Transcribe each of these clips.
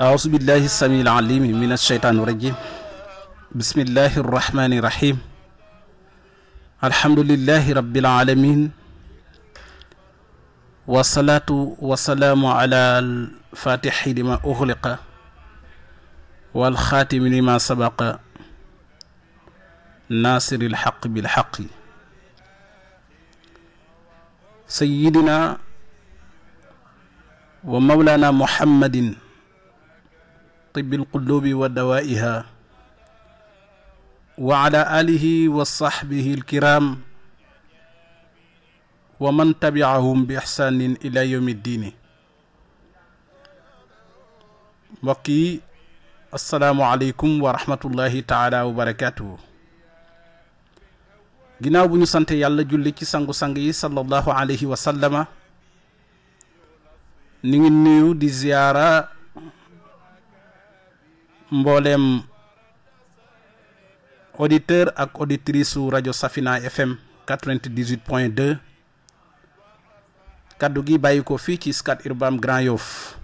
أعوذ بالله السميع العليم من الشيطان الرجيم بسم الله الرحمن الرحيم الحمد لله رب العالمين والصلاة والسلام على الفاتح لما أغلق والخاتم لما سبق ناصر الحق بالحق سيدنا ومولانا محمد طب القلوب ودوائها وعلى آله وصحبه الكرام ومن تبعهم بإحسان إلى يوم الدين وقي السلام عليكم ورحمة الله تعالى وبركاته جناب نسانت يالا جلتي سانغو سانغي صلى الله عليه وسلم نيو دي زياره mboolem auditeur ak auditrice su rajo Safina FM 98 Kadugi 2 kaddu gi bàyyi ko fii ci Scat Urbam Grand Yoff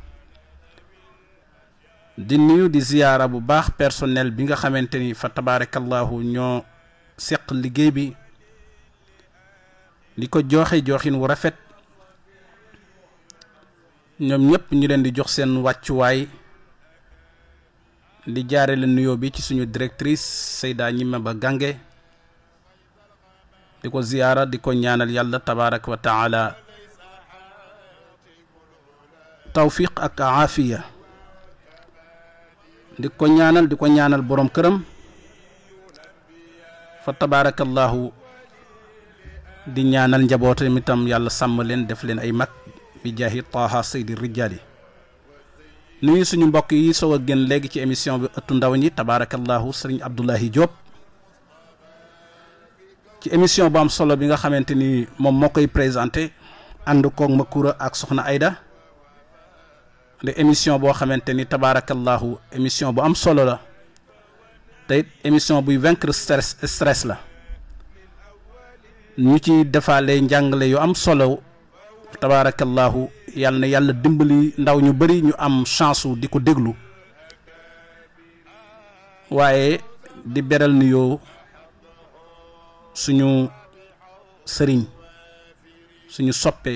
di nuyu di ziyaara bu baax personnel bi nga xamante fa bi joxe joxin wu rafet ñu di jox di jaare la nuyoo bi ci suñu directrice sayda Ñima Ba Gange di ko ziyaara di ko ñaanal yàlla tabaraka wa taala tawfiq ak aafiya di ko ñaanal di ko ñaanal borom këram fa tabarakallahu di ñaanal njabootam itam yàlla sàmm leen def leen ay mag bi jaahi taaha saydi rijaali nuyu suñu mbokk yi soog a génn léegi ci émission bi ëttu ndaw ñi tabaarakallaahu sëriñ Abdoulahi Diop ci émission bu am solo bi nga xamante ni moom moo koy présenté ànd koog Makoura ak Soxna Aida de émission boo xamante ni tabaarakallaahu émission bu am solo la te émission buy vaincre stress stress la ñu ci defaale njàngale yu am solo tabaarakallaahu yal yàlla dimbali ndaw ñu bari ñu am chance di ko déglu waye di beral nuyo suñu serigne suñu soppe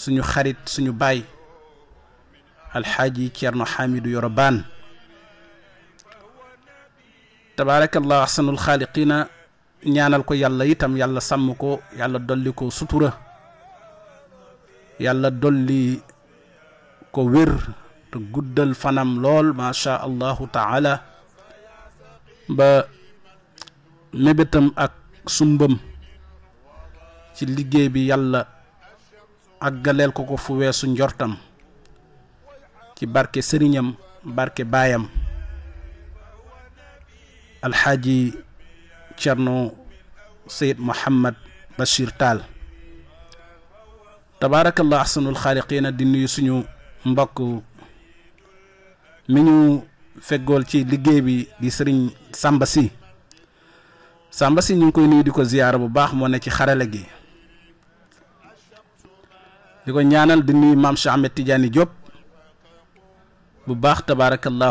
suñu xarit suñu bay alxaaji Ceerno Xaamidu Yoro Baan tabaarakallah ahsanul xaaliqina ñaanal ko yàlla itam yàlla sàmm ko yàlla dolli ko sutura yàlla dolli ko wér te guddal fanam lool macha allahu taala ba mébétam ak sumbam ci liggéey bi yàlla àggaleel ko ko fu weesu njortam ci barke sëriñam barke baayam alxaaji cerno sayid mohammad bachir taal tabaarakallah ahsanul xaaliqiina di nuyu suñu mbokk mi ñu fegool ci liggéey bi di sëriñ Samba si Samba si ñu ngi koy nuyu di ko ziyaara bu baax ne ci xarale gi di ko ñaanal di nuyu maam bu baax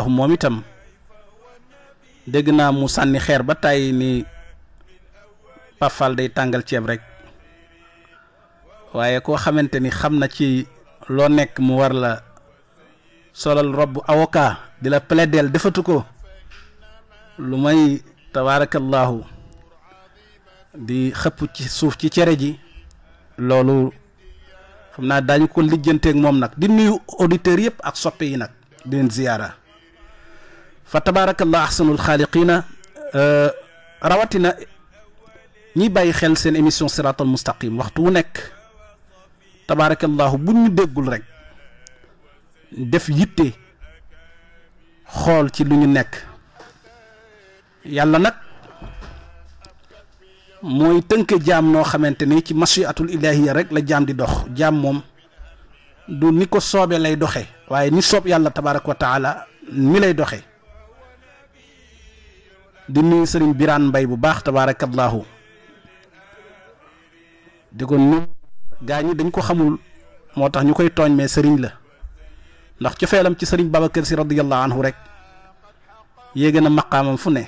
moom itam dégg naa mu sànni xeer ba tàyyi ni Pafal day tàngal ceeb rek waaye koo xamante ni xam na ci loo nekk mu war la solal rob avocat di la plaidel defatu ko lu may tabaarakallaahu di xëpp ci suuf ci cere ji loolu xam naa daañu ko lijjanteeg moom nag di nuyu auditeurs yëpp ak soppe yi nag di leen ziyaara fa tabaarakallah ahsanul xaaliqiina rawatina ñi bàyyi xel seen émission siratal mustaqim waxtu wu nekk tabaarakallaahu bu ñu déggul rek def yitte xool ci lu ñu nekk yàlla nag mooy tënk jaam noo xamante ni ci masiatul ilahiya rek la jaam di dox jaam moom du ni ko soobee lay doxe waaye ni soob yàlla tabaaraka wa taala ni lay doxe di nuyu sëriñ Birane Mbaye bu baax tabaarakallaahu di ko nuyu gaa ñi dañ ko xamul moo tax ñu koy tooñ mais sëriñ la ndax cofeelam ci sëriñ Babacar si radiyallahu anhu rek yéegën a maqaamam fu ne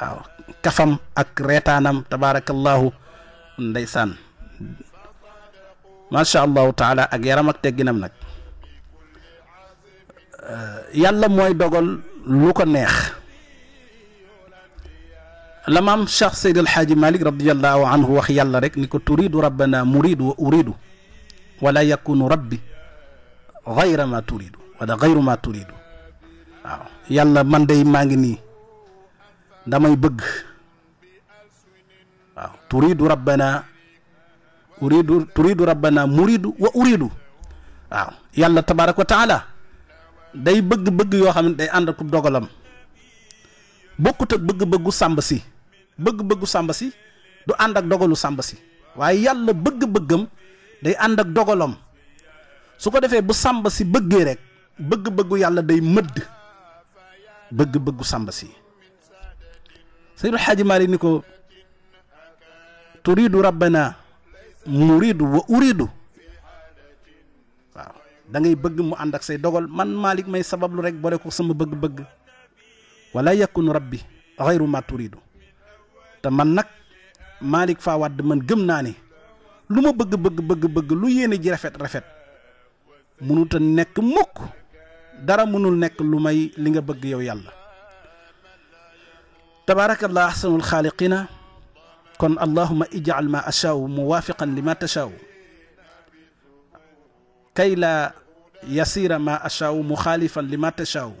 waaw kafam ak reetaanam tabaarakallahu ndeysaan macha allahu taala ak yaram ak tegginam nag yàlla mooy dogal lu ko neex la maam Cheikh Seydi El Hadji Malick radiallahu anhu wax yàlla rek ni ko turidu rabbana muridu wa uridu wala yakunu rabbi gayra ma turidu wala gayru ma turidu waaw yàlla man day maa ngi nii damay bëgg waaw turidu rabbana uridu turidu rabbana muridu wa uridu waaw yàlla tabaraka wa taala day bëgg-bëgg yoo xam ne day ànd ak dogalam bokkut ak bëgg-bëggu sàmb si bëgg-bëggu sambasi si du and ak dogalu sàmba waaye yàlla bëgg-bëggam day and ak dogalam su ko defee bu sàmba bëggee rek bëgg-bëggu yàlla day mëdd bëgg-bëggu sàmba sayyidul haji mari ni turidu rabbana muridu wa uridu waaw da ngay bëgg mu and ak say dogal man malik may sabablu rek boole ko sama bëgg-bëgg wala yakunu rabbi ghayru ma turidu te man nag Malick Fawad man gëm na ni luma ma bëgg bëgg bëgg bëgg lu yene ji rafet rafet mënut a nekk mukk dara munul nek lumay li nga bëgg yow yàlla تبارك الله أحسن الخالقين كن اللهم اجعل ما أشاء موافقا لما تشاء كي لا يسير ما أشاء مخالفا لما تشاء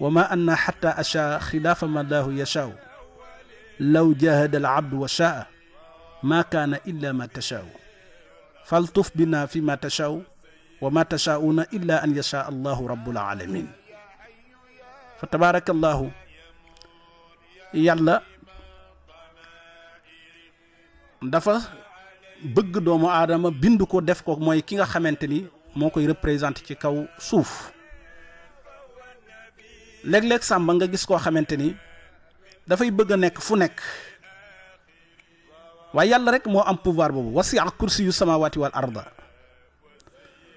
وما أن حتى أشاء خلاف ما الله يشاء لو جاهد العبد وشاء ما كان إلا ما تشاء فالطف بنا فيما تشاء وما تشاءون إلا أن يشاء الله رب العالمين فتبارك الله يلا دفا بغ دومو ادم بيند كو ديف كو موي كيغا خامتني موكاي ريبريزانت سي سوف لك لك سامبا غيس كو dafay bëgg nekk fu nekk waaye yàlla rek moo am pouvoir boobu wasia kursi yu samawaati wal arda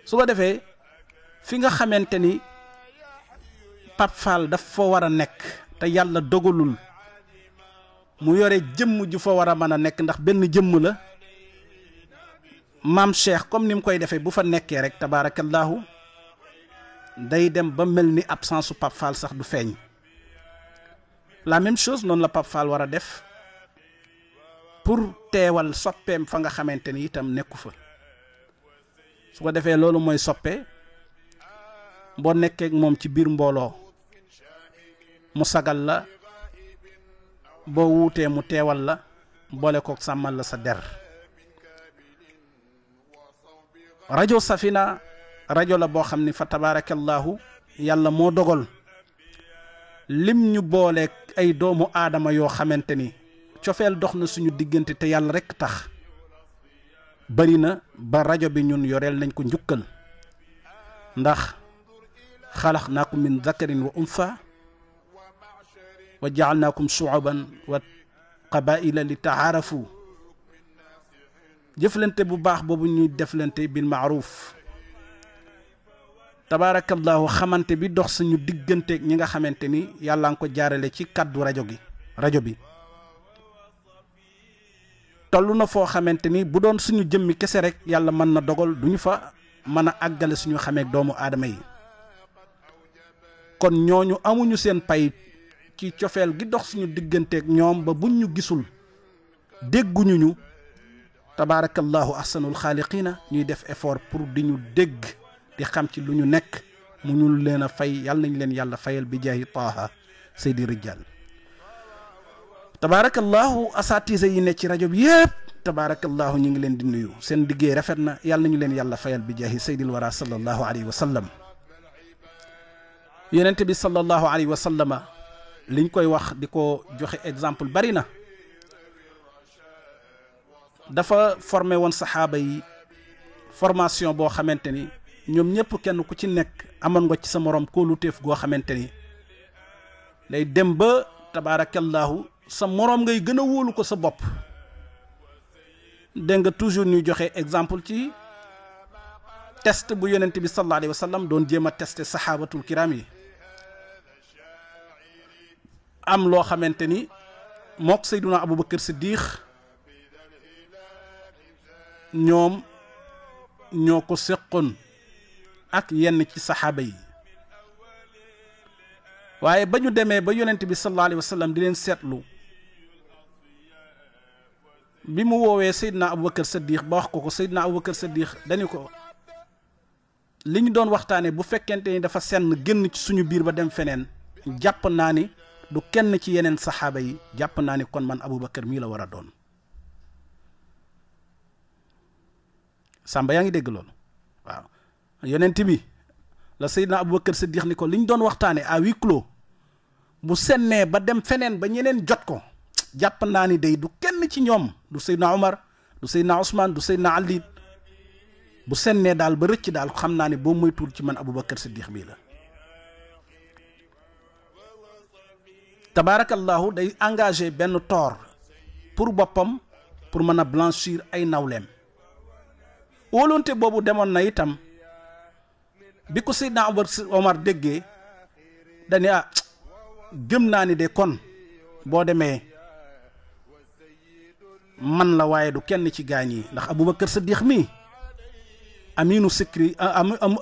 su ko defee fi nga xamante ni Pape Fall daf fa war a nekk te yàlla dogalul mu yore jëmm ju fa war a mën a nekk ndax benn jëmm la maam Cheikh comme ni mu koy defee bu fa nekkee rek tabaarakallaahu day dem ba mel ni absence pap Fall sax du feeñ la même chose non la Pape Fall wara def pour téwal soppeem fa nga xamante itam nekku fa su ko lolu moy mooy bo boo ak mom ci bir mbolo mu sagal la bo mu téwal la samal la sa der rajo Safina Radio la bo xamni fa tabarakallah yalla mo dogal lim ñu ay doomu aadama yoo xamante ni cofeel dox na suñu diggante te yàlla rek tax bari na ba rajo bi ñun yoreel nañ ko njukkal ndax xalaqnaakum min zakarin wa unsa wa jaalnaakum suuban wa qabaila li jëflante bu baax boobu ñuy deflante bil maaruf tabaarakallaahu xamante bi dox suñu digganteeg ñi nga xamante ni yàlla nga ko jaarale ci kàddu rajo gi rajo bi toll na foo xamante ni bu doon suñu jëmmi kese rek yàlla mën na dogal du ñu fa mën a àggale suñu xameek doomu aadama yi kon ñooñu amuñu seen payit ci cofeel gi dox suñu digganteeg ñoom ba buñ ñu gisul dégguñu ñu tabaarakallaahu ahsanul xaaliqiina ñuy def effort pour di ñu dégg di xam ci lu ñu nekk mu ñul leen a fay yàlla nañ leen yàlla fayal bi jaayi taaha seydi rijal tabaarakallahu asatise yi ne ci rajo bi yépp tabaarakallahu ñu ngi leen di nuyu seen liggéey rafet na yàlla nañu leen yàlla fayal bi jaahi seydil wara sallallahu alayhi wa sallam yonent bi sallallahu alayhi wa sallam liñ koy wax di ko joxe exemple bari na dafa formé woon saxaaba yi formation boo xamante ni ñoom ñëpp kenn ku ci nekk amoon nga ci sa morom kóoluteef goo xamante ni day dem ba tabaarakallaahu sa moroom ngay gën a wóolu ko sa bopp dégg nga toujours ñuy joxe exemple ci test bu yonent bi sallallahu alayhi wa sallam doon jéem a testé saxaabatul kiram yi am loo xamante ni mook Seyduna Abubakar Siddiq ñoom ñoo ko seqoon ak yenn ci saxaaba yi waaye ba ñu demee ba yonent bi sallallahu alayhi wa di leen seetlu bi mu woowee Seydina Aboubacar Saddiq ba wax ko ko Seydina Aboubacar Saddiq dañu ko li ñu doon waxtaanee bu fekkente ni dafa senn génn ci suñu biir ba dem feneen jàpp naa ni du kenn ci yeneen saxaaba yi jàpp naa ni kon man abu Aboubacar mii la war a doon Samba yaa ngi dégg loolu waaw yonent bi la Seydina Aboubacar Siddiq ni ko li ñu doon waxtaanee à huis bu sennee ba dem feneen ba ñeneen jot ko jàpp naa ni day du kenn ci ñoom du Seydina Omar du Seydina Ousmane du Seydina Ali bu sennee daal ba rëcc daal xam naa ne boo moytuwul ci man Aboubacar Siddiq bii la tabaarakallahu day engagé benn toor pour boppam pour mën a blanchir ay nawleem wóolonte boobu demoon na itam. bi ko Seydina Omar Omar déggee dani ah gëm naa ni de kon boo demee man la waaye du kenn ci gaañ yi ndax Aboubacar Siddiq mi aminu sikri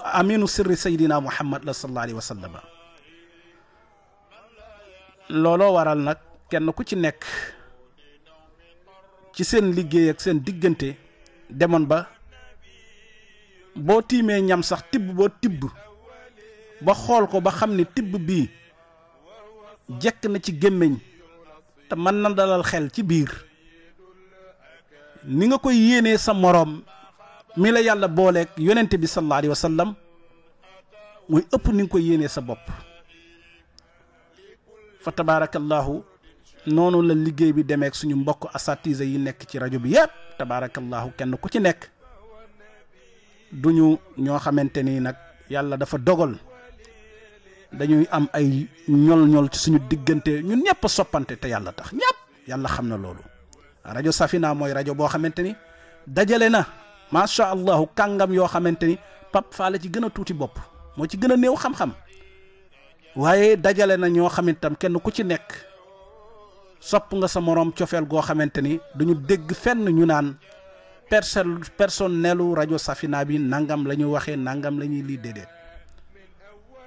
aminu Seydina Muhammad la sallallahu alayhi looloo waral nag kenn ku ci nekk ci seen liggéey ak seen diggante demoon ba boo tiimee ñam sax tibb boo tibb ba xool ko ba xam ni tibb bii jekk na ci gémmiñ te mën na dalal xel ci biir ni nga koy yéenee sa moroom mi la yàlla booleeg yonente bi sallallahu alayhi wa sallam muy ëpp ni nga koy yéenee sa bopp fa tabaarakallahu noonu la liggéey bi demeek suñu mbokk asatise yi nekk ci rajo bi yépp tabaarakallahu kenn ku ci nekk ñu ñoo xamante ni nag yàlla dafa dogal dañuy am ay ñol-ñol ci suñu diggante ñun ñëpp soppante te yàlla tax ñëpp yàlla xam na loolu rajo Safina mooy rajo boo xamante ni dajale na macha allahu kàngam yoo xamante ni Pape Fall ci gën a tuuti bopp moo ci gën a néew xam-xam waaye dajale na ñoo xam itam kenn ku ci nekk sopp nga sa moroom cofeel goo xamante ni duñu dégg fenn ñu naan. personne personnelu rajo Safina bi nangam la ñu waxee nangam la ñuy lii déedéet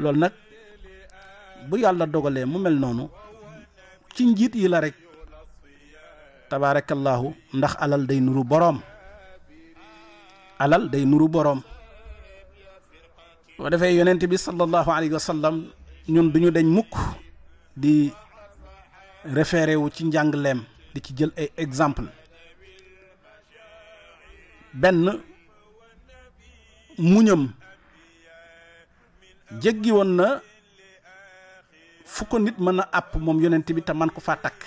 loolu nag bu yàlla dogalee mu mel noonu ci njiit yi la rek tabaarakallaahu ndax alal day nuru boroom alal day nuru boroom boo defee yonent bi sallallahu alayhi wa ñun duñu dañ mukk di référé wu ci njàngleem di ci jël ay exemple benn muñam jéggi woon na fu ko nit mën a àpp moom yonent bi te man ko faa takk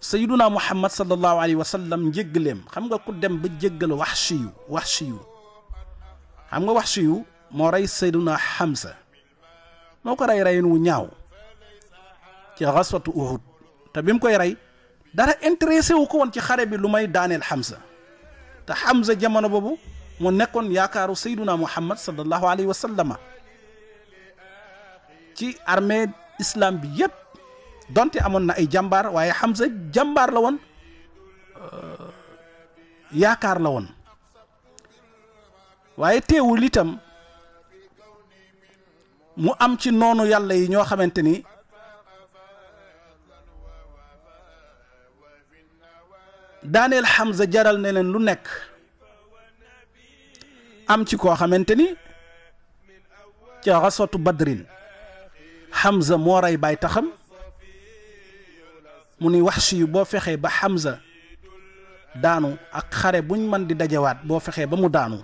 sayyiduna muhammad sallallahu alayhi wa sallam njéggaleem xam nga ku dem ba jéggal wax siyu wax siyu xam nga wax siyu moo rey sayyiduna Hamza moo ko rey reyin wu ñaaw ci xaswatu Uhud te bi mu koy rey dara intéressé wu ko woon ci xare bi lu may daaneel Hamza ta Hamza jamono bobu mo nekkon yaakaaru sayyiduna muhammad sallallahu alayhi wa sallama ci armée islam bi yépp donte amon na ay jambar waye Hamza jambar la won yaakar la won waye teewul itam mu am ci nonu yàlla yi ño xamanteni daniel Hamza jaral ne leen lu nekk am ci koo xamante ni ca badrin Hamza moo rey bay taxam mu ni wax si yu boo fexee ba Hamza daanu ak xare buñ mën di dajewaat boo fexee ba mu daanu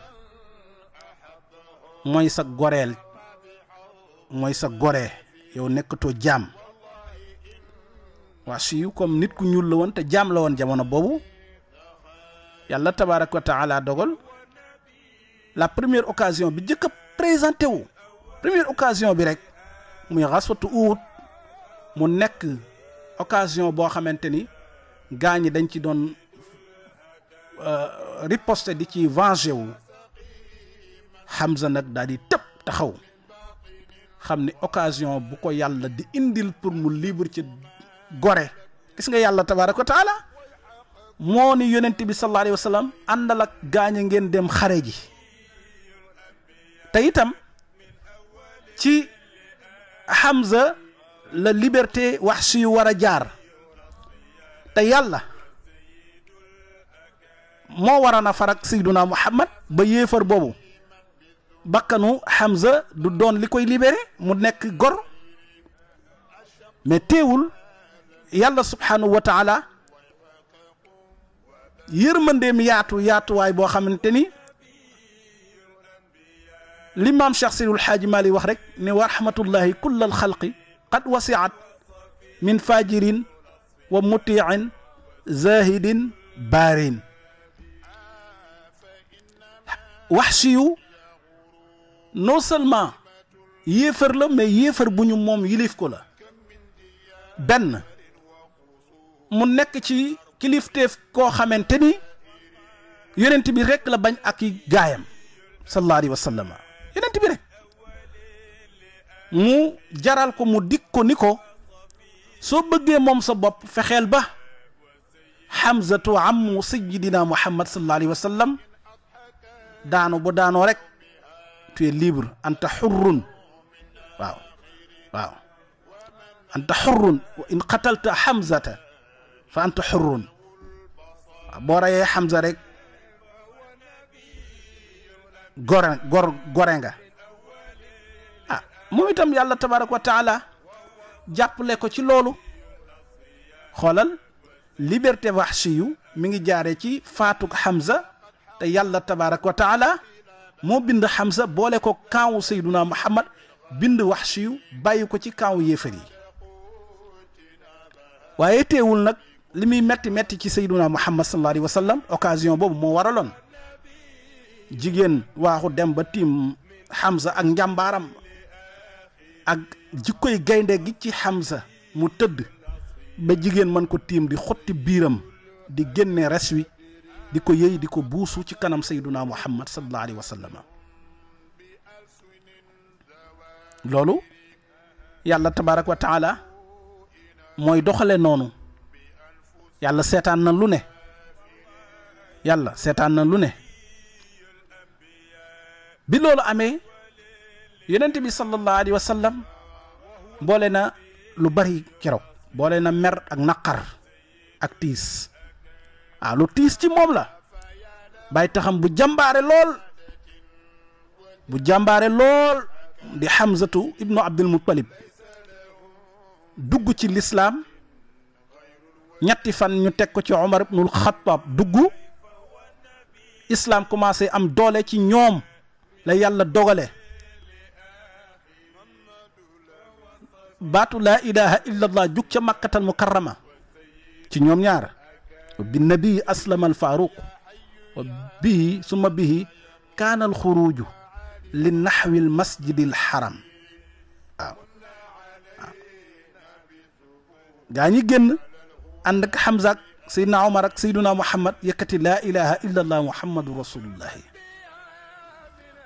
mooy sa goreel mooy sa goree yow nekkatoo jaam wax si yu comme nit ku ñuul la woon te jaam la woon jamono boobu yàlla tabaaraka wa taala dogal la première occasion bi njëkk a présenté wu première occasion bi rek muy xaswatu uut mu nek occasion bo xamanteni ni dañ ci doon euh, riposte di ci venger wu Hamza nag daal di tëb taxaw xamni occasion bu ko yalla di indil pour mu libre ci goré gis nga yalla tabaaraka wa taala موني يونتي بي صلى الله عليه وسلم عندنا لك غاني نجين ديم خارجي تايتم تي حمزة لا ليبرتي وحشي ورا جار تيالا ما ورانا فرق سيدنا محمد بييفر بوبو بكنو حمزة دو دون لكوي ليبري مو نيك غور مي تيول يالا سبحانه وتعالى yërmandeem yaatu yaatuwaay boo xamante ni li maam Cheikh Seydil Xaaji Maali wax rek ne wa rahmatullahi kull al xalqi qad wasiat min fajirin wa mutiin zahidin baarin waxshi yu non seulement yéefar la mais yéefar bu ñu moom yilif ko la benn mu nekk ci kilifteef ko xamanteni yonent bi rek la bañ ak gayam sallallahu alaihi wasallam yonent bi rek mu jaral ko mu dik ko ni ko soo bëggee sa bop fexel ba xamsatu ammu sayyidina muhammad sallallahu alaihi wasallam sallam daanu bu daanoo rek tu es libre anta xurrun waaw waaw anta xurrun wa in qatalta hamzata fa anta xurrun boo reyee Hamza rek gore gor gore nga ah moom itam yàlla tabaaraka wa taala jàppale ko ci loolu xoolal liberté Wahshi yu mi ngi jaare ci faatuk Hamza te yàlla tabaaraka wa taala moo bind Hamza boole ko kaawu Seyduna Muhammad bind Wahshi yu ci kaawu yéefar yi waaye teewul nag. li muy metti metti ci sayduna muhammad sallallahu alayhi wa sallam occasion boobu moo waraloon jigéen waaxu dem ba tiim Hamza ak njàmbaaram ak jikkoy gaynde gi ci Hamza mu tëdd ba jigéen mën ko tiim di xotti biiram di génne res wi di ko yéy di ko buusu ci kanam sayduna muhammad sallallahu alayhi wa sallam loolu yàlla tabaaraka wa taala mooy doxale noonu yàlla seetaan na lu ne yàlla seetaan na lu ne bi loolu amee yonent bi sallallahu alayhi wa boole na lu bari keroog boole na mer ak naqar ak tiis waaw lu tiis ci moom la bàyyi taxam bu jàmbaare lool bu jàmbaare lool di Hamzatu ibnu Abdul Muttalib dugg ci lislaam ñetti fan ñu tek ko ci Omar al-Khattab duggu islam commencé am doole ci ñom la yàlla dogale batu la ilaha illa allah juk ci makkah al mukarrama ci ñom ñaar bi nabi aslama al faruq wa bi summa bihi kana al khuruj li naxwi al masjid al haram waaw génn ànd ak Hamza ak Seydina Omar ak Seydina Muhammad yëkkati laa ilaha illallah muhammadu rasulullahi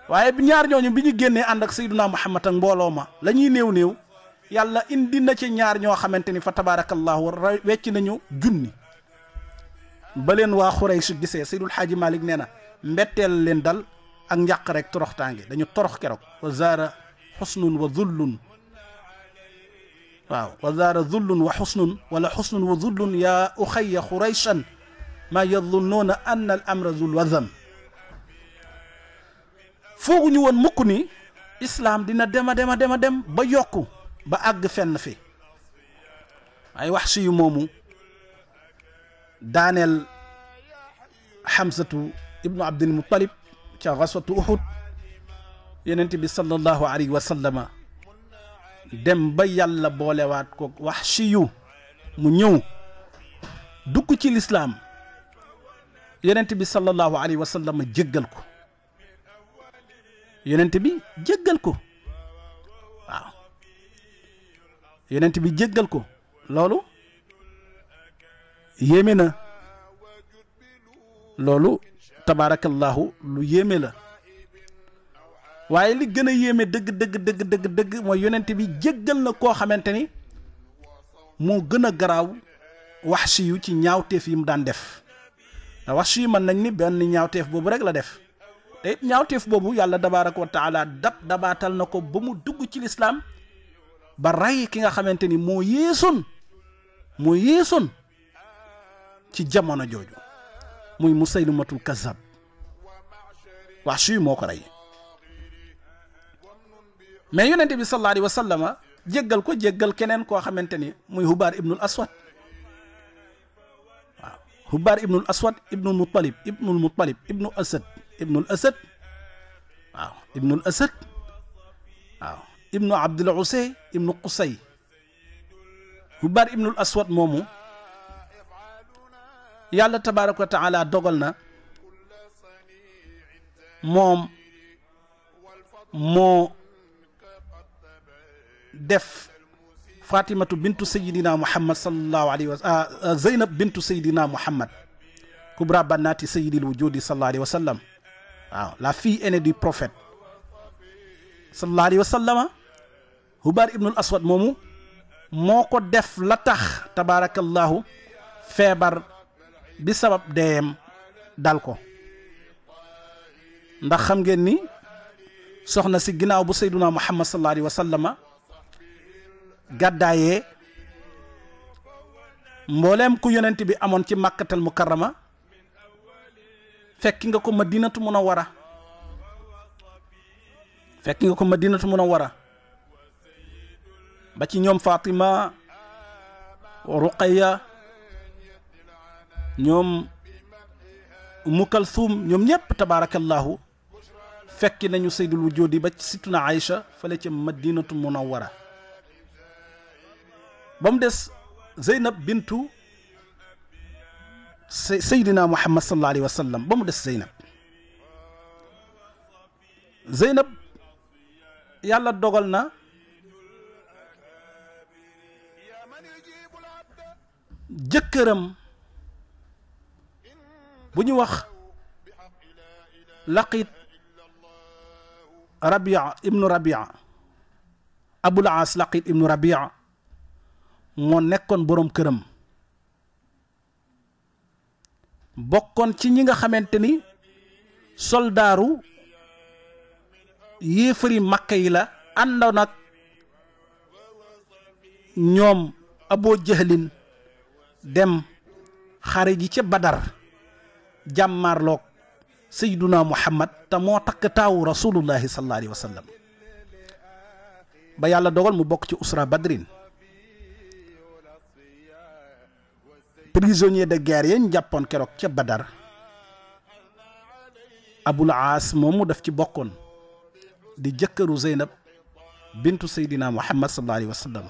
waaye bi ñaar ñooñu bi ñu génnee ànd ak Seydina Muhammad ak mbooloo ma la ñuy néew néew yàlla indi na ci ñaar ñoo xamante ni fa tabaarakallahu wecc nañu junni ba leen waa Xuraysh gisee Seydul Xaaji Malik nee na mbetteel leen dal ak njàq rek toroxtaange dañu torox keroog wa zaara xusnun wa zullun واو وذار ذل وحسن ولا حسن وذل يا اخي خريشا ما يظنون ان الامر ذل وذم فوق ني اسلام دينا ديما ديما ديما ديم با يوكو با في اي وحشي مومو دانيال حمزه ابن عبد المطلب تي احد يننتي صلى الله عليه وسلم dem ba yàlla boolewaat ko wax si mu ñëw dugg ci lislaam yonent bi sallallahu alayhi wa sallam jéggal ko yonent bi jéggal ko waaw bi jéggal ko loolu yéeme na loolu tabaarakallahu lu yéeme la waaye li gën a yéeme dëgg dëgg dëgg dëgg mooy yonent bi jéggal na koo xamante ni moo gën a garaaw wax ci ñaawteef yi mu daan def te wax si yu mën nañ ni benn ñaawteef boobu rek la def te ñaawteef boobu yàlla dabaaraka wa dab dabaatal na ko ba mu dugg ci lislaam ba rey ki nga xamante ni moo yéesoon moo yéesoon ci jamono jooju muy musaylimatul kazab wax si yu moo ko rey mais yonent bi sallallahu alayhi wa sallam djegal ko djegal kenen ko xamanteni muy hubar ibn al Aswad hubar ibn al Aswad ibn al Muttalib ibn al Muttalib ibnu Asad ibn al Asad waaw ibn al Asad waaw ibn abd al Usay ibn Qusay hubar ibn al Aswad momu yàlla tabaaraka wa taala dogalna mom mo def fatimatu bintu sayidina muhammad sallallahu alayhi wa zeynab bintu sayyidina muhammad kubra banati sayidil wujudi sallallahu alaihi wasallam sallam waaw la fille aînée du prophète sallallahu alaihi wasallam hubar ibn ibnul aswad momu moko ko def la tabarakallahu feebar bi sabab deem dal ko ndax xam ngeen ni soxna si ginnaaw bu sayduna muhammad sallallahu alaihi wasallam gàddaaye mboolem ku yonent bi amoon ci màkkatal mukarrama fekki nga ko madinatu munawwara fekki nga ko madinatu munawwara ba ci ñoom Fatima Ruqayya ñoom Umu Kalsum ñoom ñëpp tabaarakallaahu fekki nañu saydul wujudi ba ci situna Aïcha fële ca madinatu munawwara ba mu des zeynab bintu seydina muhammad sallallahu alayhi wa sallam ba mu des zeynab zeynab yàlla dogal na jëkkëram bu ñu wax laqit rabia ibnu rabia abul aas laqit ibnu rabia moo nekkoon boroom këram bokkoon ci ñi nga xamante ni soldaaru yéefari makka yi la àndoon ak ñoom aboo jahlin dem xare ji ca badar jàmmaarloog sayduna muhammad te moo takk taawu rasulullahi sallallahu alayhi wa sallam ba yàlla dogal mu bokk ci usra badrin prisonnier de guerre yañ jàppoon keroog ca Badar Abul Aas moomu daf ci bokkoon di jëkkëru Zeynab bintu Seydina Muhammad sallallahu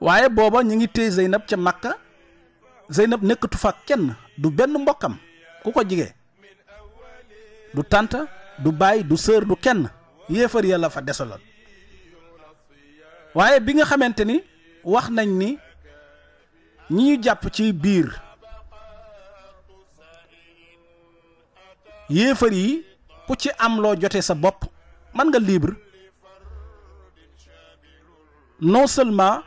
waaye booba ñu ngi téye Zeynab ca Makka Zeynab nekkatu fa kenn du benn mbokkam ku ko jige du tànt du baay du sœur du kenn yéefar yàlla fa desaloon waaye bi nga xamante ni wax nañ ni ñi jàpp ci biir yéefar yi ku ci am loo jotee sa bopp mën nga libre non seulement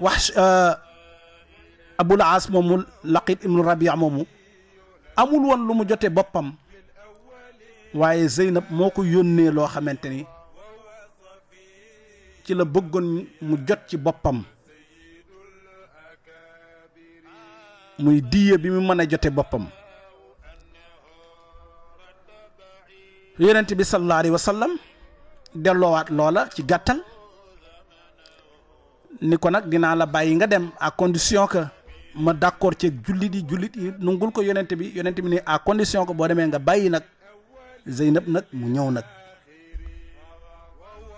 wax euh, abul aas moomu laqit ibnu rabia moomu amul woon lu mu jotee boppam waaye zeynab moo ko yónnee loo xamante ni ci la bëggoon mu jot ci boppam muy diye bi mu mën a jote boppam yonent bi sallallahu alayhi wa sallam delloowaat loola ci gàttal ni ko nag dinaa la bàyyi nga dem ak condition que ma d'accord ci jullit yi jullit yi nungul ko yonent bi yonent bi ni à condition ko boo demee nga bàyyi nag Zeynab nag mu ñëw nag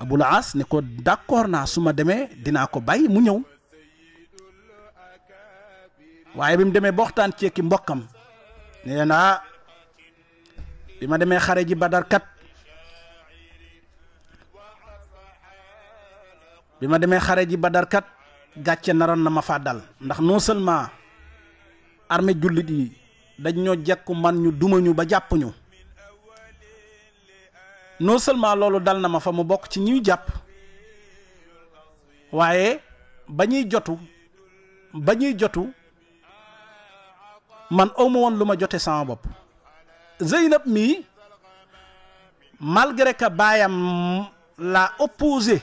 Abul As ne ko d'accord naa su ma demee dinaa ko bàyyi mu ñëw waaye bi mu demee ba waxtaan ci mbokkam ne leen ah bi ma demee xare ji badarkat bi ma demee xare ji badarkat gàcce naroon na ma fàddal ndax non seulement armée jullit yi dañ ñoo jekku man ñu duma ñu ba jàpp non seulement loolu dal na ma fa mu bokk ci ñuy jàpp waaye ba ñuy jotu ba ñuy jotu man awma woon lu ma jote sama bopp Zeynab mii malgré que baayam la opposé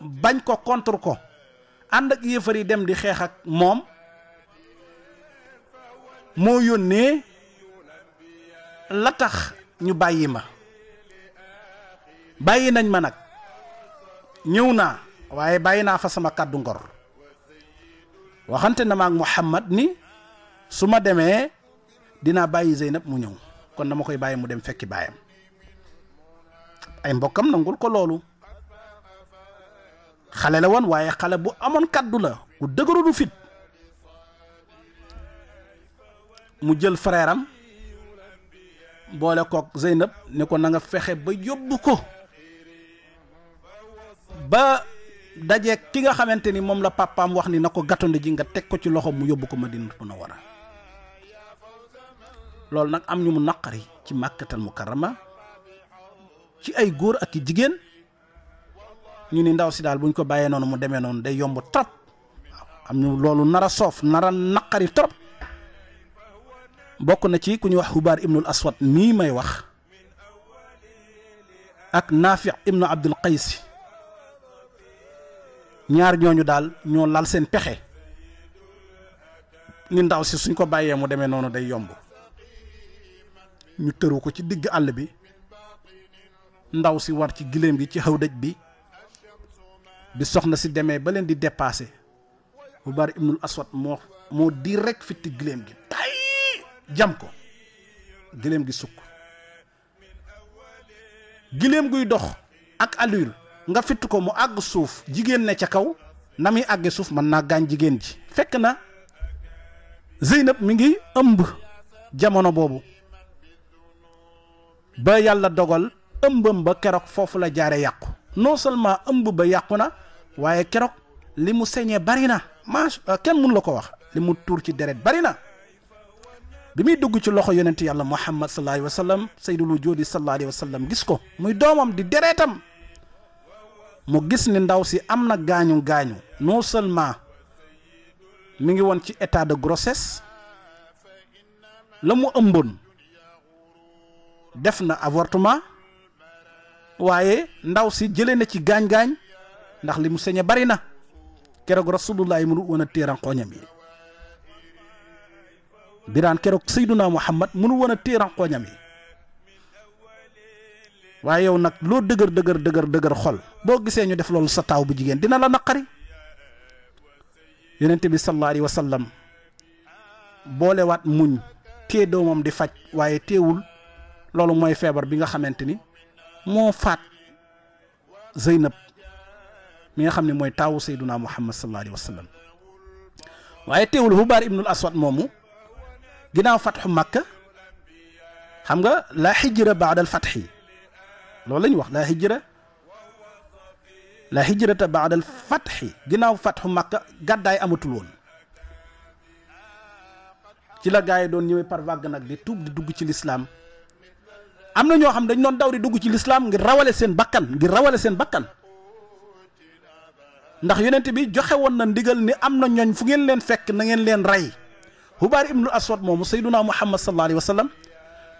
bañ ko contre ko ànd ak yéefar yi dem di xeex ak moom moo yónnee la tax ñu bàyyi ma bàyyi nañ ma nag ñëw naa waaye bàyyi naa fa sama kàddu ngor waxante na ma ak Muhammad ni su ma demee dinaa bàyyi Zeynab mu ñëw kon ma koy bàyyi mu dem fekki baayam ay mbokkam nangul ko loolu xale la woon waaye xale bu amoon kàddu la ku dëgëru du fit mu jël frère am boole kook Zeynab ne ko na nga fexe ba yóbbu ko ba dajee ki nga xamante ni moom la papaam wax ni na ko gàttandu ji nga teg ko ci loxo mu yóbbu ko ma Madina Munawwara loolu nag am ñu mu naqari ci màkkatal mukarrama ci ay góor ak i jigéen ñu ni ndaw si daal buñ ko bàyyee noonu mu demee noonu day yomb trop am ñu loolu nar a soof nara naqari trop bokk na ci ku ñuy wax Xubaar ibnul Aswad nii may wax ak Naafi ibnu Abdul Qays ñaar ñooñu daal ñoo lal seen pexe ni ndaw si suñ ko bàyyee mu demee noonu day yomb ñu tëru ko ci digg àll bi ndaw si war ci giléem gi ci xaw dëj bi bi soxna si demee ba leen di dépassé bu bari ibnul aswad moo moo di rek fitti giléem gi tay jam ko giléem gi sukk giléem guy dox ak allure nga fitt ko mu àgg suuf jigéen ne ca kaw na muy àgge suuf man naa gaañ jigéen ji fekk na Zeynab mu ngi ëmb jamono boobu ba yàlla dogal ëmbam ba keroog foofu la jaare yàqu non seulement ëmb ba yàqu na waaye keroog li mu sañee bari na maa euh, kenn mun la ko wax li mu tuur ci deret bari na bi muy dugg ci loxo yonent yàlla muhammad sallallahu alayhi wa sallam sayyidul wujudi sallallahu gis ko muy doomam di deretam mu gis ni ndaw si am na gaañu gaañu non seulement mi ngi woon ci état de grossesse la mu ëmboon def na avortement waaye ndaw si jëlee na ci gaañ gaañ ndax li mu sañe bari na keroog rasulullah yi mënul woon a téeran xooñam yi biraan keroog sayduna muhammad mënul woon a téeran xooñam yi waaye yow nag loo dëgër dëgër dëgër dëgër boo gisee ñu def loolu sa taaw bu jigéen dina la naqari yonent bi sallallahu alayhi wa sallam boolewaat muñ tée doomam di faj waaye teewul loolu mooy feebar bi nga xamante ni moo faat Zeynab mi nga xam ne mooy taawu sayduna muhammad sallallahu alayhi wa sallam waaye teewul Hubaar ibnul Aswad moomu ginnaaw fatxu Makka xam nga laa xijra baadal fatxi loolu lañ wax laa hijra laa hijrata baadal fatxi ginnaaw fatxu makka gàddaay amatul woon ci la gars yi doon ñëwee par vague nag di tuub di dugg ci lislaam am na ñoo xam dañ doon daw di dugg ci lislaam ngir rawale seen bakkan ngir rawale seen bakkan ndax yonent bi joxe woon na ndigal ni am na ñooñ fu ngeen leen fekk na ngeen leen rey Hubaar ibnu Aswad moomu sayduna Muhammad sallallahu alayhi wa sallam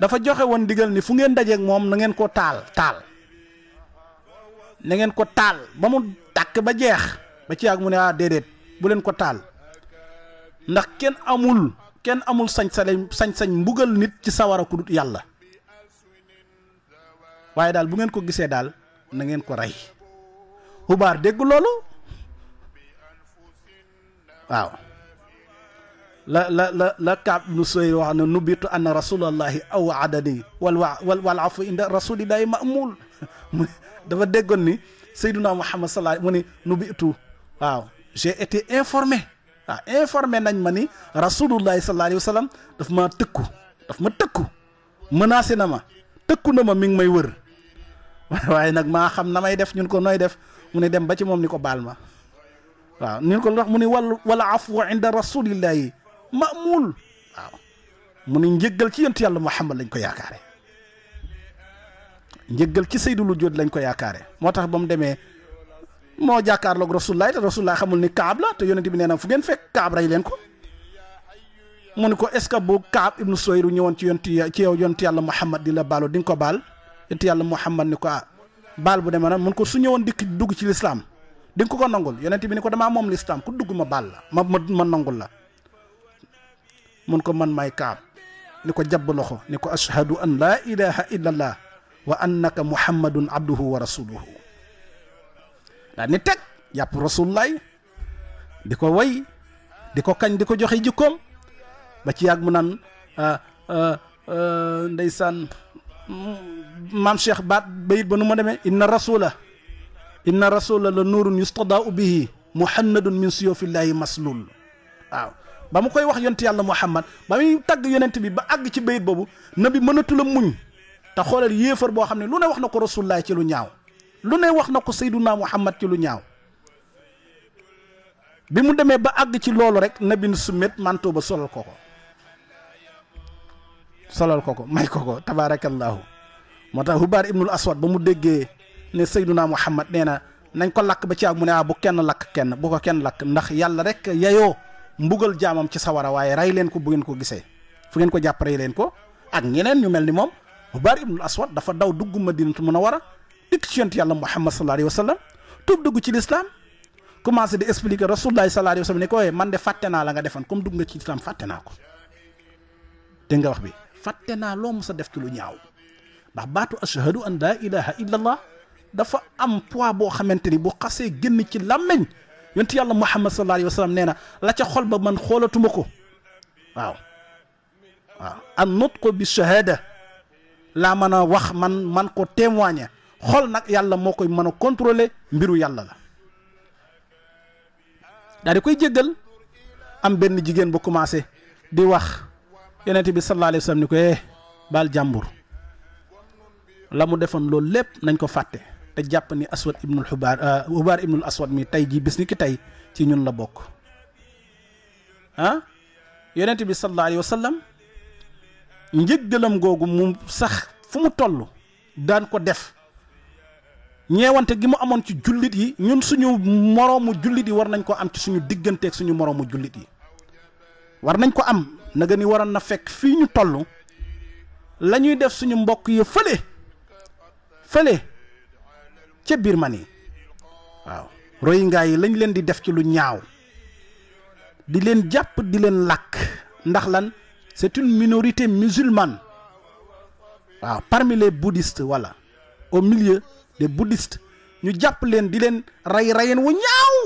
dafa joxe woon digal ni fu ngeen dajeek moom na ngeen ko taal taal na ngeen ko taal ba mu tàkk ba jeex ba ci yàgg mu ne ah déedéet bu leen ko taal ndax kenn amul kenn amul sañ-sañ sañ-sañ mbugal nit ci sawara ku yàlla waaye daal bu ngeen ko gisee daal na ngeen ko rey xubaar dégg loolu waaw لا لا لا لا كعب نسوي وعن نبيت أن رسول الله أو عددي والوع والعفو عند رسول الله مأمول دابا دغوني سيدنا محمد صلى الله عليه وسلم نبيت واو جي اتي انفورمي انفورمي نان ماني رسول الله صلى الله عليه وسلم داف ما تكو داف ما تكو مناسي نما تكو نما مي ماي وير واي نك ما خم نماي ديف نون كو نوي ديف موني ديم باتي موم نيكو بالما واو نون كو موني والعفو عند رسول الله maamul waaw mun ne njëggal ci yonent yàlla Muhammad lañ ko yaakaare njëggal ci sayyidul wujuud lañ ko yaakaare moo tax ba mu demee moo jàkkaarloog rasulullah te rasulullah xamul ni kaab la te yonent bi nee na fu ngeen fekk kaab rey leen ko mu ne ko est ce que bu kaab ibnu soyru ñëwoon ci yonti ci yow yonent yàlla Muhammad di la baalu di nga ko baal yonent yàlla Muhammad ni ko ah, baal bu demee nag mun ko su ñëwoon dikk dugg ci lislaam di nga ko ko nangul yonent bi ni ko damaa moom lislaam ku dugg ma baal la ma ma nangul la mun ko man may kaab ni ko jàbb loxo ni ko ashhadu an laa ilaha illa wa annaka muhammadun abduhu wa rasuluhu daa ni teg yàpp rasulullaay di ko way di ko kañ di ko joxe jikkoom ba ci yàgg mu naan ah, ah, ah, ndeysaan maam cheikh baat bayit ba nu ma demee inna rasula inna rasula la nuurun yustadaa bihi muhannadun min siyofillaahi maslul waaw ba mu koy wax yonent yàlla muhammad ba muy tagg yonent bi ba ag ci bayit bobu nabi mënatu la muñ ta xolal yefer bo xamne ne lu ne wax nako rasulullah ci lu ñaaw lu ne wax nako sayyiduna muhammad ci lu ñaaw bi mu deme ba ag ci lolu rek nabin sumet manto ba solal koko solal koko may koko tabarakallah tabaarakallaahu hubar ibn al aswad ba mu déggee ne sayyiduna muhammad neena na nañ ko lak ba ci ak mu ne bu kenn lak kenn bu ko kenn lak ndax yàlla rek yayoo mbugal jaamam ci sawara waaye rey leen ko bu ngeen ko gisee fu ngeen ko jàpp rey leen ko ak ñeneen ñu mel ni moom bu Mubarak ibnul Aswad dafa daw dugg Madinatul Munawwara dikk ci yonent yàlla Muhammad sallallahu alayhi wa sallam tuub dugg ci lislaam commencé di expliquer Rasulullah sa alayhi wa sallam ne ko waaye man de fàtte naa la nga defoon comme dugg nga ci lislaam fàtte naa ko dégg nga wax bi fàtte naa loo mos a def ci lu ñaaw ndax baatu ashhadu an laa ilaha illa allah dafa am poids boo xamante ni bu xasee génn ci làmmeñ yonti yàlla muhammad sallallahu alayhi wa sallam nee na la ca xol ba man xoolatuma ko waaw waaw an nutqu bi shahada laa mën a wax man man ko témoigner xol nag yàlla moo koy mën a contrôler mbiru yàlla la daal di koy jéggal am benn jigéen bu commencé di wax yonent bi sallallahu alayhi wa sallam ni ko eh baal jàmbur la mu defoon loolu lépp nañ ko fàtte te jàpp ni aswad ibnul xubaar xubaar euh, ibnul aswad mi tey jii bis ni ki tey ci ñun la bokk ah bi sallallahu alayhi wa sallam googu mu sax fu mu tollu daan ko def ñeewante gi mu amoon ci jullit yi ñun suñu moroomu jullit yi war nañ ko am ci suñu digganteeg moroomu jullit yi nañ ko am naga ni waroon na fekk fii ñu toll la def suñu mbokk yi fële fële birmani Birmanie waaw rohingya yi lañ leen di def ci lu ñaaw di leen jàpp di ndax c'est une minorité musulmane parmi les bouddhistes voilà au milieu des bouddhistes ñu jàpp leen di leen rey rayen wu ñaaw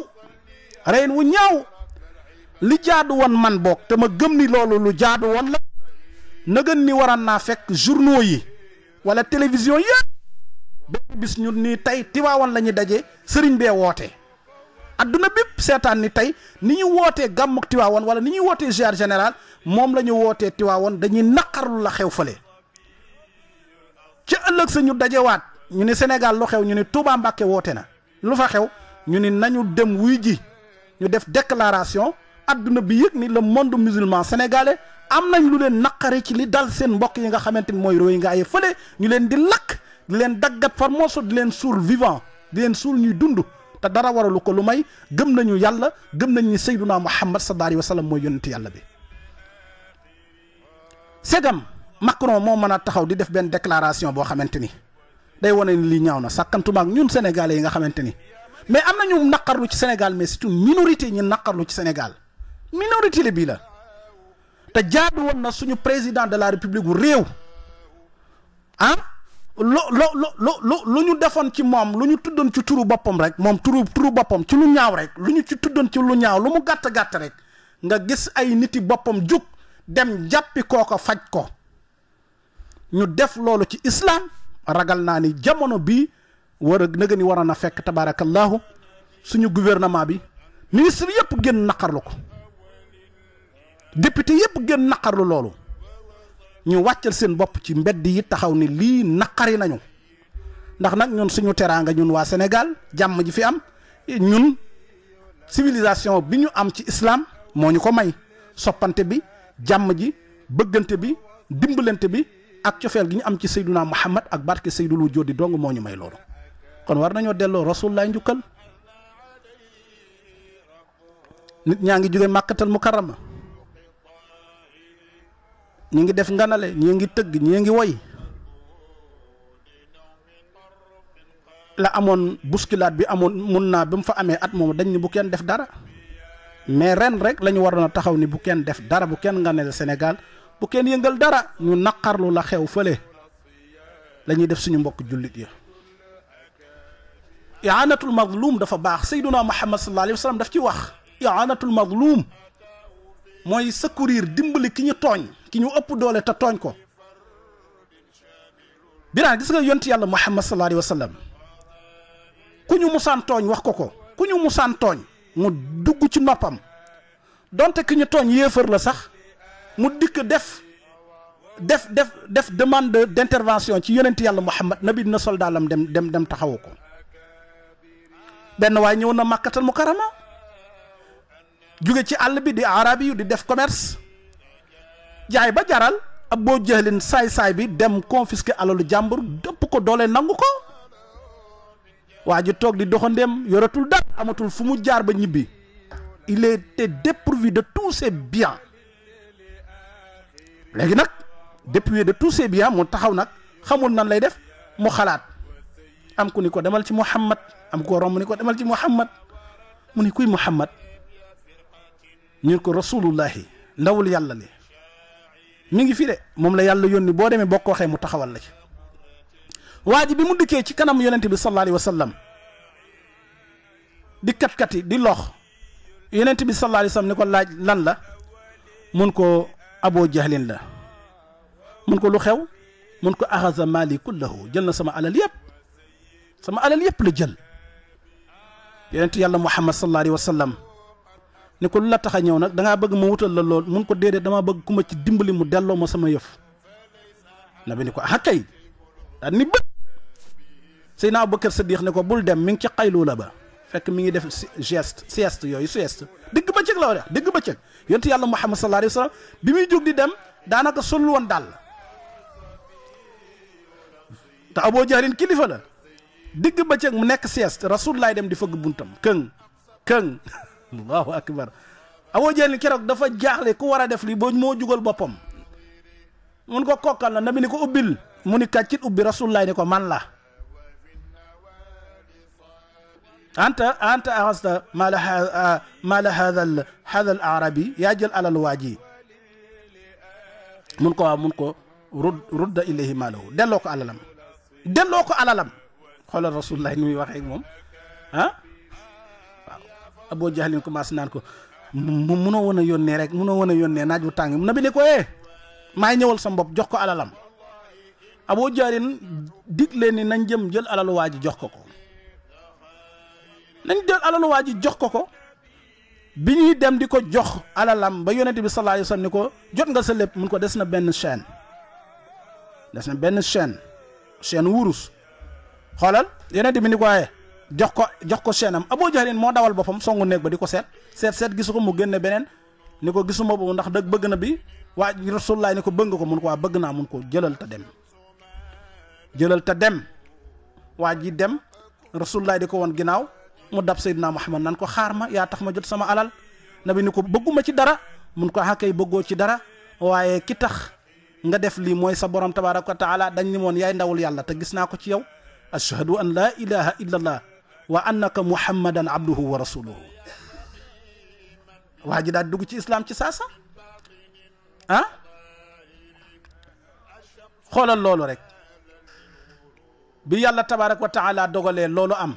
rayen wu ñaaw li jaadu man boog te ma gëm ni loolu lu jaadu woon la nëgën ni warana naa fekk journaux yi wala télévision benn bis ñun nii tey tiwaawan la ñuy daje sëriñ bee woote adduna bépp seetaan ni tey ni ñu wootee gàmmuk tiwaawan wala ni ñuy wootee ziar général moom la ñu wootee tiwaawan dañuy naqarlu la xew fële ca ëllëg sa ñu dajewaat ñu ni Sénégal lu xew ñu ni Touba Mbàkke woote na lu fa xew ñu ni nañu dem wuy ji ñu def déclaration adduna bi yëg ni le monde musulman sénégalais am nañ lu leen naqare ci li dal seen mbokk yi nga xamante ni mooy nga yi fële ñu leen di lakk di leen daggat farmoso di leen suul vivant di leen suul ñuy dund te dara waralu ko lu may gëm nañu yàlla gëm nañ ni sayduna muhammad sallallahu alayhi wa sallam mooy yonent yàlla bi segam Macron moo mën a taxaw di def benn déclaration boo xamante ni day wane ni lii ñaaw na sàkkantumaak ñun sénégalais yi nga xamante ni mais am nañu ñu naqarlu ci Sénégal mais surtout minorité ñu naqarlu ci Sénégal minorité la bii la te jaadu woon na suñu président de la république bu réew ah, lu lu lu lu lu ñu defoon ci moom lu ñu tuddoon ci turu boppam rek moom turu turu boppam ci lu ñaaw rek lu ñu ci tuddoon ci lu ñaaw lu mu gàtt gàtt rek nga gis ay niti boppam jug dem jàppi ko faj ko ñu def loolu ci islaam ragal naa ni jamono bii war a nëgë ni waroon a fekk tabaarakallaahu suñu gouvernement bi ministre yëpp gën naqarlu ko député yëpp gën naqarlu loolu ñu wàccal seen bopp ci mbedd yi taxaw ni lii naqari nañu ndax nag ñun suñu teraanga ñun waa Sénégal jàmm ji fi am ñun civilisation bi ñu am ci islam moo ñu ko may soppante bi jàmm ji bëggante bi dimbalante bi ak cofeel gi ñu am ci sayduna muhammad ak barke saydul wujjóot di dong moo ñu may loolu kon war nañoo delloo rasulullah njukkal nit ñaa ngi jóge màkkatal mukarrama ñi def nganale ñi ngi tëgg ñi ngi woy la amoon bousculade bi amoon mun naa fa amee at moom dañ ni bu kenn def dara mais ren rek la ñu taxaw ni bu kenn def dara bu kenn nganale Sénégal bu kenn yëngal dara ñu naqarlu la xew fële la def suñu mbokk jullit yi iaanatul mazlum dafa baax sayduna muhammad sallallahu alayhi wa daf ci wax iaanatul mazlum mooy secourir dimbali ki ñu tooñ ki ñu ëpp doole te tooñ ko biraan gis nga yonti yàlla muhammad sallallahu alayhi wa sallam ku ñu musaan tooñ wax ko ko ku ñu musaan tooñ mu dugg ci noppam donte ki ñu tooñ yéefar la sax mu dikk def def def def demande d'intervention ci yonenti yàlla muhammad nabi na soldaalam dem dem dem taxawu ko benn waaye ñëw na màkkatal mukarama jóge ci all bi di arabi di def commerce jaay ba jaral ab boo jëlin say saay bi dem confisquer alalu jambour dëpp ko dole nangou ko waa tok toog di doxandéem yoratul dal amatul fumu jaar ba ñibi il était dépourvu de tous ses biens légui nak dépourvu de tous ses biens mo taxaw nak xamul nan lay def mu xalaat am ku ni ko demal ci mohammed am ko romb ni ko demal ci mohammed mu ni kuy mohammed ñu رسول الله ndawul yàlla li mi ngi fi de moom la yàlla yónni boo demee boo ko waxee mu taxawal la ci waa ji bi mu dikkee ci kanam yonente bi sallallahu alayhi wa sallam di katkati di lox yonente bi sallallahu alayhi wa sallam laaj lan la mun ko aboo jahlin la mun ko lu xew mun ko axasa mali kullahu jël sama alal yépp sama alal yépp la jël yonente yàlla muhammad sallallahu alayhi wa ni ko lu la tax a ñëw nag dangaa bëgg ma wutal la lool mun ko déedéet dama bëgg ku ma ci dimbali mu delloo ma sama yëf na bi ni ko ah kay daal ni bëgg Seydina Abubakar Siddiq ne ko bul dem mi ngi ci xaylu la ba fekk mi ngi def geste sieste yooyu sieste digg bëccëg la war a digg bëccëg yonent yàlla Muhammad sallallahu alayhi wa sallam bi muy jóg di dem daanaka sollu woon dàll te Abu Jahlin kilifa la digg bëccëg mu nekk sieste rasul laay dem di fëgg buntam këng këng الله أكبر أبو جيل كيرك دفا جاهل كو ورا دف لي بوج مو جوجل بوبم مون كو كوكال لا نبي نيكو اوبيل موني كاتيت اوبي رسول الله نيكو مان لا انت انت اغسط ما لها ما لها هذا هذا الاعرابي يجل على الواجي مون كو مون كو رد رد اليه ماله دلوكو على لم دلوكو على لم خول رسول الله نوي واخيك موم ها أه؟ aboo jaxlin commencé naan ko mu munoo woon a yónnee rek munoo won a yónnee naaj bu tàng na bi ne ko eh maay ñëwal sa mbopp jox ko alalam aboo jaxlin dig ni nañ jëm jël alalu waa ji jox ko ko nañ jël alalu waa ji jox ko ko bi ñuy dem di ko jox alalam ba yonent bi sallallahu alayhi wasallam ni ko jot nga sa lépp mun ko des na benn chaîne des na benn chaîne chaîne wurus xoolal yonent bi ni ko waaye eh, jox ko jox ko chaîne am Abu Jahlin moo dawal boppam songu néeg ba di ko seet seet seet gisu ko mu génne beneen ni gisuma boobu ndax dëgg bëgg na bi waa Rasulullah ni ko ko mun ko waa bëgg naa mun ko jëlal te dem jëlal te dem waa ji dem Rasulullah di ko woon ginnaaw mu dab Seydina Muhammad nan ko xaar ma yaa tax ma jot sama alal nabi ni ko bëgguma ci dara mun ko xàkkay bëggoo ci dara waaye ki tax nga def lii mooy sa borom tabaaraka taala dañ ni moon yaay ndawul yàlla te gis naa ko ci yow ashhadu an laa ilaha illa allah wa annaka muhammadan abduhu wa rasuluhu waa ji daal dugg ci islaam ci saasa ah xoolal loolu rek bi yàlla tabaaraka wa taala dogalee loolu am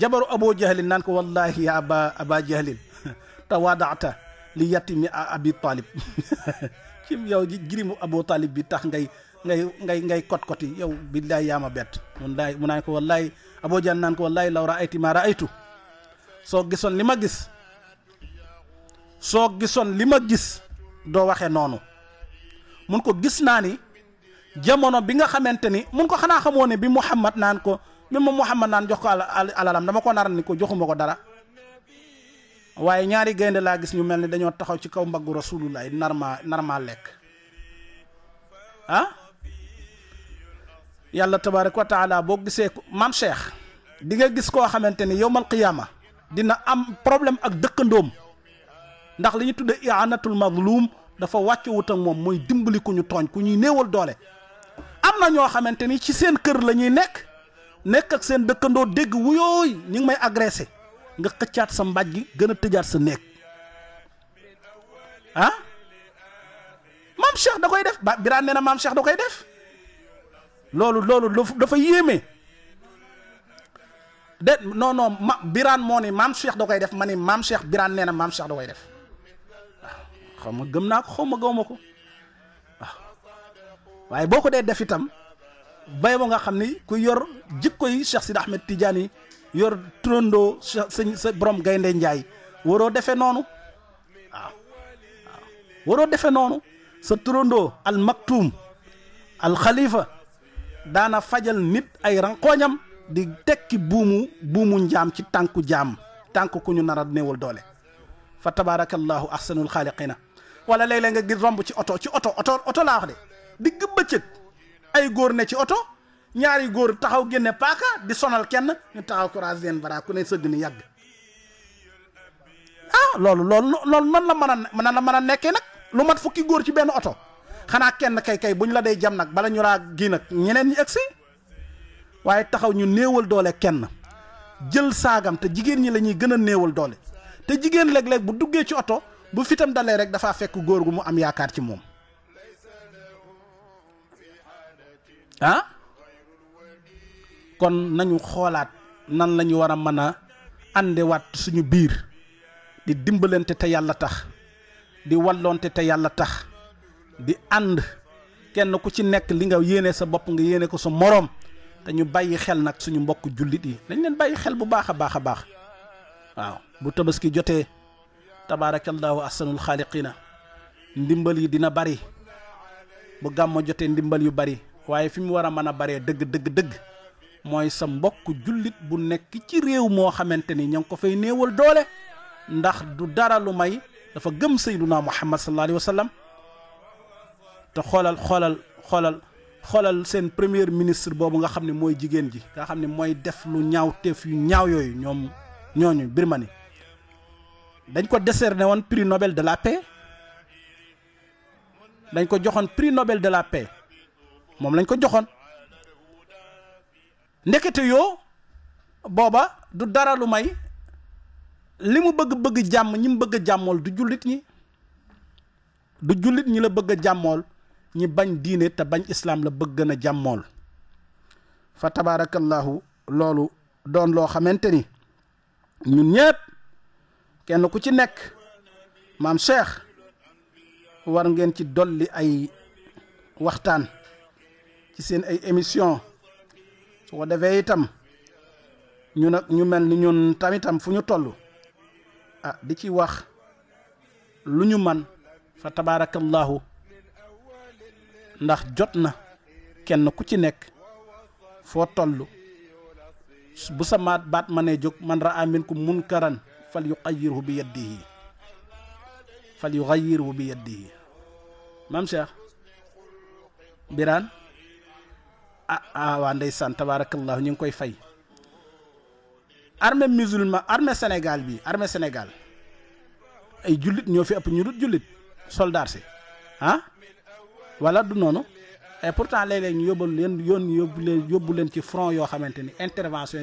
jabaru abu jahlin naan ko wallahi ya aba aba jahlin tawaadaata li yatimi abi talib cim yow ji girimu abu talib bi tax ngay ngay ngay ngay kot koti yow billaay yaa ma bett mun daay mu naan ko wallahi Abu Jahal naan ko wallaahi law raaytu aytu soo gisoon li ma gis soo gisoon li ma gis doo waxee noonu mun ko gis naa ni jamono bi nga xamante ni mun ko xanaa xamoo ne bi Muhammad naan ko bi ma Muhammad naan jox ko alalam dama ko nar ni ko joxuma ko dara waaye ñaari gaynde laa gis ñu mel ni dañoo taxaw ci kaw mbaggu rasulullah nar ma nar maa lekk ah yàlla tabaaraka wa taala boo gisee maam Cheikh di nga gis koo xamante ni yowmal qiyaama dina am problème ak dëkkandoom ndax li ñu tuddee i'anatul mazlum dafa wàcce ak moom mooy dimbali tooñ ku ñuy néewal doole. am na ñoo xamante ni ci seen kër lañuy nekk nekk ak seen dëkkandoo dégg wuyooy ñu ngi may agressé nga xëccaat sa mbaj gi gën a tëjaat sa néeg ah maam Cheikh da koy def ba Birane nee na maam Cheikh da koy def. loolu loolu dafa yeme de non non biran Birane moo ni maam Cheikh da def mani mam Cheikh biran nee mam Cheikh da def xama gëm naa ko xaw ma gëw ma ko def itam bay ba nga xamni ku yor jikko yi Cheikh sid Ahmed Tidiane yor trondo sa borom gaynde Njaay woro defé nonou woro defé nonou defee noonu sa turandoo al maktuum al khalifa daana fajal nit ay ranqooñam di tekki buumu buumu njaam ci tànku jaam tànku ku ñu nar a néewal doole fa tabaarakallaahu ahsanul xaaliqina wala léeg-léeg nga gis romb ci oto ci oto oto oto laa wax de digg bëccëg ay góor ne ci oto ñaari góor taxaw génne paaka di sonal kenn ñu taxaw courage seen bara ne sëdd ni yàgg ah loolu loolu loolu nan la mën a nan la mën a nekkee nag lu mat fukki góor ci benn oto xanaa kenn kay kay bu ñu la dee jam nag bala ñu laa gi nag ñeneen ñi egsi waaye taxaw ñu néewal doole kenn jël saagam te jigéen ñi la ñuy gën a néewal doole te jigéen léeg-léeg bu duggee ci oto bu fitam dalee rek dafaa fekk góor gu mu am yaakaar ci moom ah kon nañu xoolaat nan lañu ñu war a mën a àndewaat suñu biir di dimbalante te yàlla tax di walloonte te yàlla tax di and kenn ku ci nek li nga yene sa bop nga yene ko sa morom te ñu bayyi xel nak suñu mbokk julit yi dañ leen bayyi xel bu baaxa baaxa baax waaw bu tabaski jotee tabarakallahu ahsanul khaliqina ndimbal yi dina bari bu gàmm jotee ndimbal yu bari waye fi mu war bari mën deug deug moy dëgg sa mbokk julit bu nek ci rew mo xamanteni ñang ko fay neewal doole ndax du dara lu may dafa gëm sayyiduna muhammad sallallahu alaihi wasallam te xolal xolal xolal xolal sen premier ministre bobu nga xam moy jigen jigéen ji nga xam ne def lu ñaaw teef yu ñaaw yoy ñom ñooñu birmani dañ ko décerné won prix Nobel de la paix dañ ko joxone prix Nobel de la paix mom lañ ko joxone ndekete yo booba du dara lu may limu bëgg bëgg jamm ñim bëgg jammol du julit ñi du julit ñi la bëgg jammol ñi bañ diine te bañ islaam la bëgg gën a jàmmool fa tabaarakallaahu loolu doon loo xamante ni ñun ñëpp kenn ku ci nekk maam Cheikh war ngeen ci dolli ay waxtaan ci seen ay émission su ko defee itam ñu nag ñu mel ni ñun tamitam fu ñu toll a ah, di ci wax lu ñu man fa tabaarakallaahu ndax jot na kenn ku ci nekk foo tollu bu sa maat baat ma ne jóg man raa minkum karan fal yuxayyirhu bi yadihi fal yuxayyirhu bi yadihi maam Cheikh Biraan ah ah waa ndeysaan tabaarakallaahu ñu ngi koy fay armée musulman armée Sénégal bi armée Sénégal ay jullit ñoo fi ëpp ñu dut jullit soldaar si ah? wala du et pourtant nous lay ñu front intervention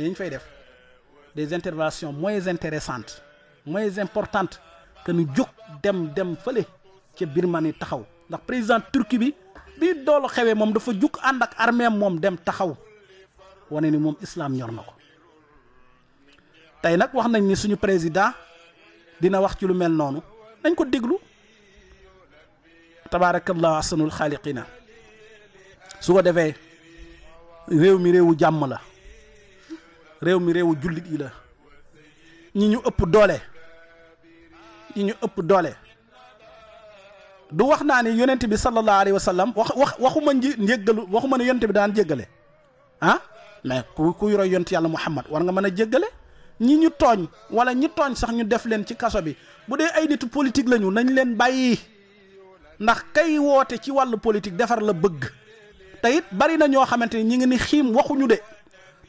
des interventions moins intéressantes moins importantes que nous jóg dem dem ci Birmanie taxaw ndax président Turquie bi bi doolu xewé mom dafa juk des armée mom dem taxaw ni mom islam ñor nako tay wax nañ ni suñu président dina wax ci lu mel nonu nañ ko deglu tabaarakallahu ahsanul xaaliqina su ko defee réew mi réewu jàmm la réew mi réewu jullit yi la ñi ñu ëpp doole ñi ñu ëpp doole du wax naa ni yonent bi sallallahu alayhi wa sallam wax wax waxuma nji njéggalu waxuma ne yonent bi daan jéggale ah mais ku kuy roy yonent yàlla muhammad war nga mën a jéggale ñi ñu tooñ wala ñi tooñ sax ñu def leen ci kaso bi bu dee ay nitu politik lañu nañ leen bàyyi ndax kay woote ci wàllu politique defar la bëgg te it bari na ñoo xamante ni ñi ngi ni xiim waxuñu de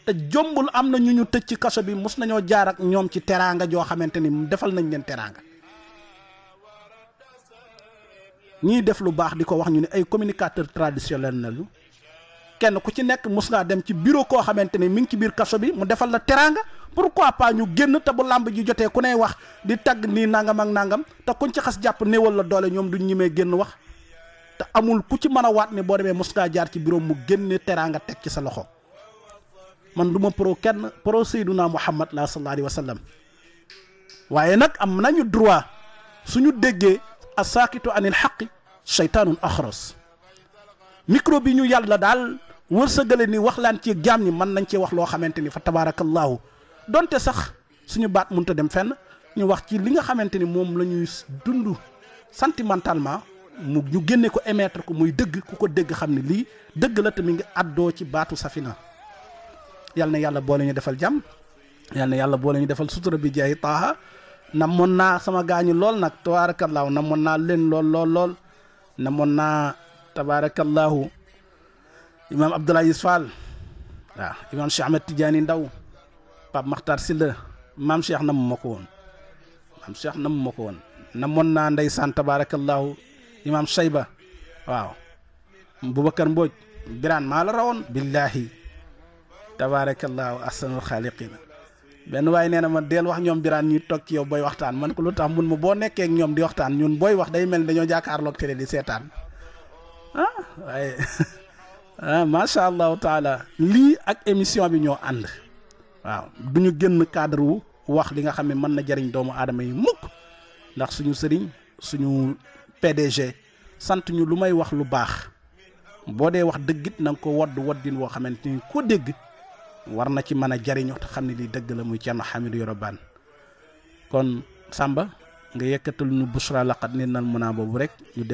te jombul am na ñu ñu tëj ci kaso bi mus nañoo jaar ak ñoom ci teraanga joo xamante ni defal nañ leen teraanga ñiy def lu baax di ko wax ñu ne ay communicateur traditionnel na lu kenn ku ci nekk mus ngaa dem ci bureau koo xamante ni mi ngi ci biir kaso bi mu defal la teranga pourquoi pas ñu génn te bu lamb ji jotee ku ne wax di tag nii nangam ak nangam te kuñ ci xas jàpp néewal la doole ñoom duñ ñimee génn wax te amul ku ci mën a waat ne boo demee mus ngaa jaar ci bureau mu génne teranga teg ci sa loxo man duma pro kenn pro sayyiduna muhammad la sallallahu alaihi wasallam waye nak am nañu droit suñu déggé asakitu anil haqqi shaytanun akhras micro bi ñu yalla dal wërsëgale ni wax laan ci jaam ñi man nañ cee wax loo xamante ni fa tabaarakallaahu donte sax suñu baat mënut a dem fenn ñu wax ci li nga xamante ni moom lañuy dund sentimentalement mu ñu génne ko émettre ko muy dëgg ku ko dëgg xam ne lii dëgg la te mi ngi àddoo ci baatu safina yal na yàlla boole ñu defal jàmm yal na yàlla boole ñu defal sutura bi jaay taaha moon naa sama gaañu lool nag tabaarakallaahu namoon naa leen lool lool lool namoon naa tabaarakallaahu imam Abdullah yusfal ya, imam cheikh ahmed tidiane ndaw pape makhtar silla mam cheikh nam mako won mam cheikh nam mako won namon na ndaysan tabarakallah imam shayba waaw bubakar mbodj biran mala rawon billahi tabarakallahu ahsanul khaliqina ben way neena ma del wax ñom biran ñi tok yow boy waxtaan man ko lutax mun mu bo nekké ak ñom di waxtaan ñun boy wax day mel dañoo jakarlo télé di sétane ah waye Ah, Masya Allah taala lii ak émission bi ñoo binyo waaw du ñu génn cadre wu wax li nga xam ne mën na jariñ doomu aadama yi mukk ndax suñu sëriñ suñu PDG sant ñu lu may wax lu baax boo dee wax dëggit na ko wodd woddin woo xamante ni dégg war na ci mën a jariñu te xam ne lii dëgg la muy kon Samba nga yëkkatal nu busra laqat ni nan mën boobu rek ñu